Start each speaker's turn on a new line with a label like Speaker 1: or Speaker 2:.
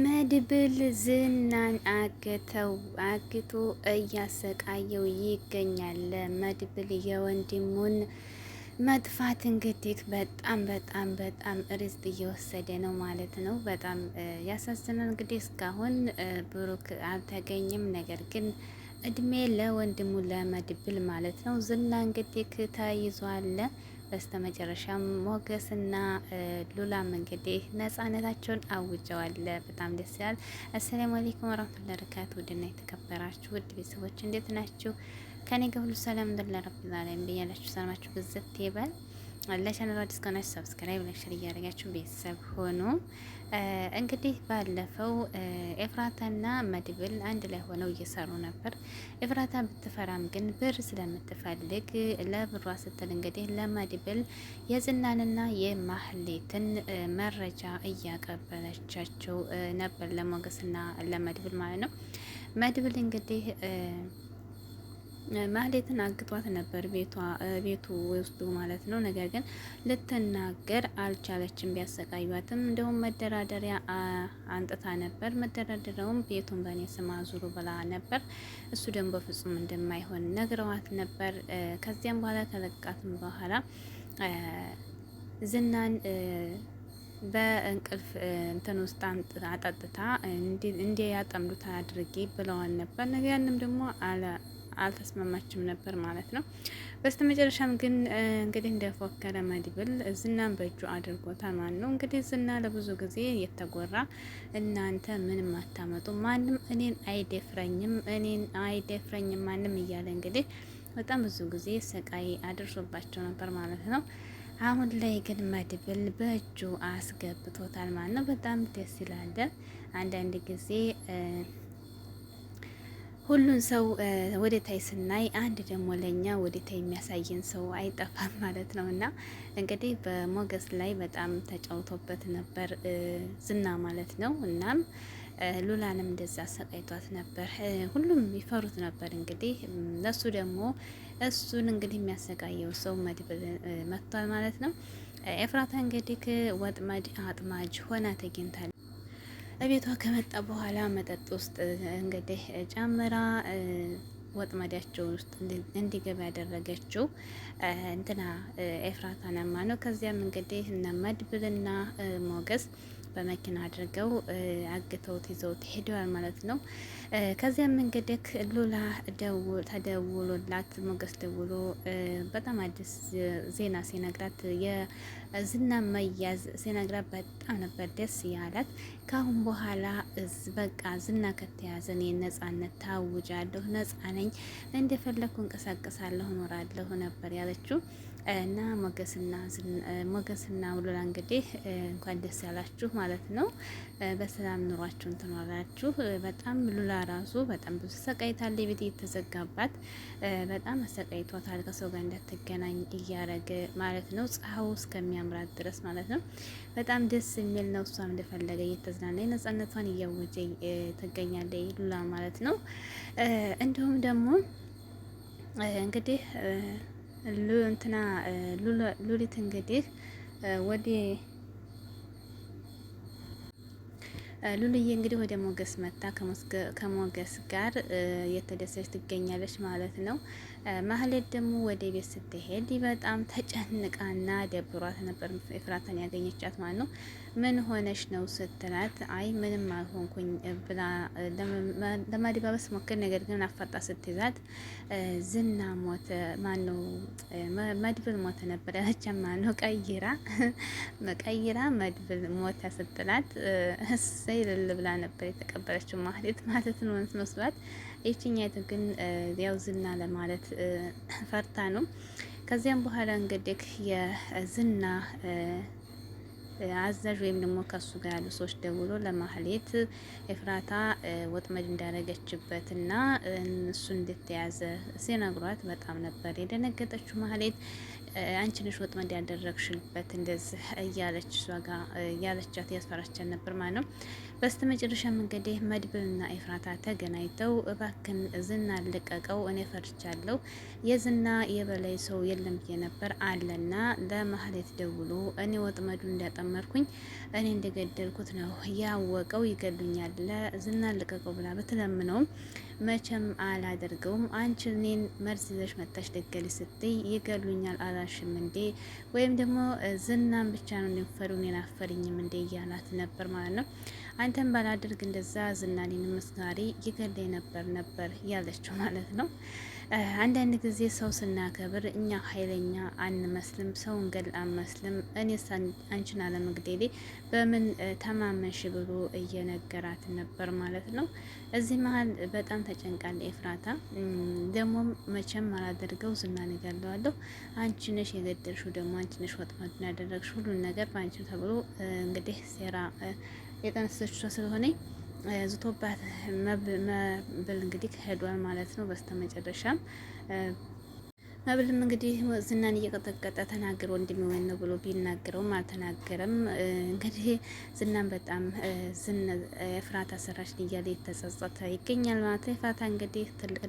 Speaker 1: መድብል ዝናን አግተው አግቶ እያሰቃየው ይገኛል። መድብል የወንድሙን መጥፋት እንግዲህ በጣም በጣም በጣም ሪዝቅ እየወሰደ ነው ማለት ነው። በጣም ያሳዝናል። እንግዲህ እስካሁን ብሩክ አልተገኘም። ነገር ግን እድሜ ለወንድሙ ለመድብል ማለት ነው። ዝና እንግዲህ ተይዟል። በስተመጨረሻም እና ሉላም እንግዲህ ነጻነታቸውን አውጀዋል። በጣም ደስ ይላል። አሰላሙ አለይኩም ወራህመቱላሂ ወበረካቱ። ውድና የተከበራችሁ ውድ ቤተሰቦች እንዴት ናችሁ? ከኔ ጋር ሁሉ ሰላም እንደላረብዛለን ብያላችሁ። ሰላማችሁ ብዝት ይበል። ለቻናሉ አዲስ ከሆናችሁ ሰብስክራይብ፣ ላይክ፣ እያደረጋችሁ ቤተሰብ ሆኑ። እንግዲህ ባለፈው ኤፍራታና መድብል አንድ ላይ ሆነው እየሰሩ ነበር። ኤፍራታ ብትፈራም ግን ብር ስለምትፈልግ ለብሯ ስትል እንግዲህ ለመድብል የዝናንና የማህሌትን መረጃ እያቀበለቻቸው ነበር፣ ለሞገስና ለመድብል ማለት ነው። መድብል እንግዲህ ማህሌትን አግቷት ነበር ቤቷ ቤቱ ውስጡ ማለት ነው። ነገር ግን ልትናገር አልቻለችም። ቢያሰቃዩትም እንደውም መደራደሪያ አንጥታ ነበር። መደራደሪያውም ቤቱን በእኔ ስም አዙሩ ብላ ነበር። እሱ ደግሞ በፍጹም እንደማይሆን ነግረዋት ነበር። ከዚያም በኋላ ተለቃትም በኋላ ዝናን በእንቅልፍ እንትን ውስጥ አጠጥታ እንዲያጠምዱት አድርጌ ብለዋል ነበር። ነገር ያንም ደግሞ አለ አልተስማማችም ነበር ማለት ነው። በስተመጨረሻም ግን እንግዲህ እንደፎከረ መድብል ዝናን በእጁ አድርጎታል ማለት ነው። እንግዲህ ዝና ለብዙ ጊዜ የተጎራ እናንተ ምንም አታመጡ፣ ማንም እኔን አይደፍረኝም፣ እኔን አይደፍረኝም ማንም እያለ እንግዲህ በጣም ብዙ ጊዜ ስቃይ አድርሶባቸው ነበር ማለት ነው። አሁን ላይ ግን መድብል በእጁ አስገብቶታል ማለት ነው። በጣም ደስ ይላል። አንዳንድ ጊዜ ሁሉን ሰው ወደታይ ስናይ አንድ ደግሞ ለኛ ወደታይ የሚያሳየን ሰው አይጠፋም ማለት ነው። እና እንግዲህ በሞገስ ላይ በጣም ተጫውቶበት ነበር ዝና ማለት ነው። እናም ሉላንም እንደዛ አሰቃይቷት ነበር። ሁሉም ይፈሩት ነበር። እንግዲህ ለሱ ደግሞ እሱን እንግዲህ የሚያሰቃየው ሰው መድብል መጥቷል ማለት ነው። ኤፍራታ እንግዲህ ወጥመድ አጥማጅ ሆና ተገኝታለች። ቤቷ ከመጣ በኋላ መጠጥ ውስጥ እንግዲህ ጨምራ ወጥመዳቸው ውስጥ እንዲገባ ያደረገችው እንትና ኤፍራታ ነማ ነው። ከዚያም እንግዲህ እነ መድብልና ሞገስ በመኪና አድርገው አግተውት ይዘውት ሄደዋል ማለት ነው። ከዚያም እንግዲህ ሉላ ተደውሎላት ሞገስ ደውሎ በጣም አዲስ ዜና ሲነግራት የዝና መያዝ ሲነግራት በጣም ነበር ደስ ያላት። ከአሁን በኋላ በቃ ዝና ከተያዘን የነጻነት ታውጃለሁ፣ ነጻ ነኝ፣ እንደፈለግኩ እንቀሳቀሳለሁ፣ እኖራለሁ ነበር ያለችው። እና ሞገስና ሞገስና ሉላ እንግዲህ እንኳን ደስ ያላችሁ ማለት ነው። በሰላም ኑሯችሁን ትኖራችሁ። በጣም ሉላ ራሱ በጣም ብዙ ሰቃይታለች። ቤት እየተዘጋባት በጣም አሰቃይቷታል። ከሰው ጋር እንዳትገናኝ እያረገ ማለት ነው። ፀሐው እስከሚያምራት ድረስ ማለት ነው። በጣም ደስ የሚል ነው። እሷም እንደፈለገ እየተዝናና ነጻነቷን እያወጀ ትገኛለች ሉላ ማለት ነው። እንዲሁም ደግሞ እንግዲህ እንትና ሉሊት እንግዲህ ወደ ሉልዬ እንግዲህ ወደ ሞገስ መታ ከሞገስ ጋር የተደሰች ትገኛለች ማለት ነው። ማህሌት ደግሞ ወደ ቤት ስትሄድ በጣም ተጨንቃና ደብሯት ነበር ኤፍራታን ያገኘቻት ማለት ነው። ምን ሆነሽ ነው ስትላት አይ ምንም አልሆንኩኝ ብላ ለማደባበስ ሞክር። ነገር ግን አፋጣ ስትይዛት ዝና ሞተ ማነው መድብል ሞተ ነበረ እቻ ማነው ቀይራ ቀይራ መድብል ሞተ ስትላት እሰይ ልል ብላ ነበር የተቀበለችው ማህሌት ማለት ነው መስሏት። ይችኛይቱ ግን ያው ዝና ለማለት ፈርታ ነው። ከዚያም በኋላ እንግዲህ የዝና አዛዥ ወይም ደግሞ ከሱ ጋር ያሉ ሰዎች ደውሎ ለማህሌት ኤፍራታ ወጥመድ እንዳረገችበት እና እሱ እንደተያዘ ሲነግሯት በጣም ነበር የደነገጠችው። ማህሌት አንቺ ነሽ ወጥመድ ያደረግሽበት እንደዚህ እያለች እሷ ጋር እያለቻት ያስፈራቻት ነበር ማለት ነው። በስተመጨረሻም እንግዲህ መድብልና ኤፍራታ ተገናኝተው እባክን ዝና ልቀቀው፣ እኔ ፈርቻለሁ፣ የዝና የበላይ ሰው የለም ብዬ ነበር አለና ለማህሌት ደውሎ እኔ ወጥመዱ እንዳጠመርኩኝ እኔ እንደገደልኩት ነው ያወቀው፣ ይገሉኛል፣ ለዝና ልቀቀው ብላ ብትለምነውም መቼም አላደርገውም፣ አንቺ እኔን መርዝ ይዘሽ መታሽ ደገል ስትይ ይገሉኛል አላሽም እንዴ? ወይም ደግሞ ዝናን ብቻ ነው እንደሚፈሩ እኔን አፈርኝም እንዴ? እያላት ነበር ማለት ነው። አንተን ባላደርግ እንደዛ ዝናኔን ምስጋሪ ይገል ነበር ነበር ያለችው ማለት ነው። አንዳንድ ጊዜ ሰው ስናከብር እኛ ኃይለኛ አንመስልም፣ ሰው እንገል አንመስልም። እኔስ አንቺን አለመግደሌ በምን ተማመንሽ ብሎ እየነገራት ነበር ማለት ነው። እዚህ መሀል በጣም ተጨንቃለ ኤፍራታ። ደግሞ መቼም አላደርገው ዝናን ነገለዋለሁ። አንቺ ነሽ የገደልሽው፣ ደግሞ አንቺ ነሽ ያደረግሽ፣ ሁሉን ነገር በአንቺ ተብሎ እንግዲህ ሴራ የጠነሰች ስለሆነኝ ዝቶባት መብል እንግዲህ ሄዷል ማለት ነው። በስተመጨረሻም መብልም እንግዲህ ዝናን እየቀጠቀጠ ተናገር ወንድሜ ወይ ነው ብሎ ቢናገረውም አልተናገረም። እንግዲህ ዝናን በጣም ኤፍራታ ሰራሽ እያለ የተጸጸተ ይገኛል ማለት ነው። ኤፍራታ እንግዲህ ትልቅ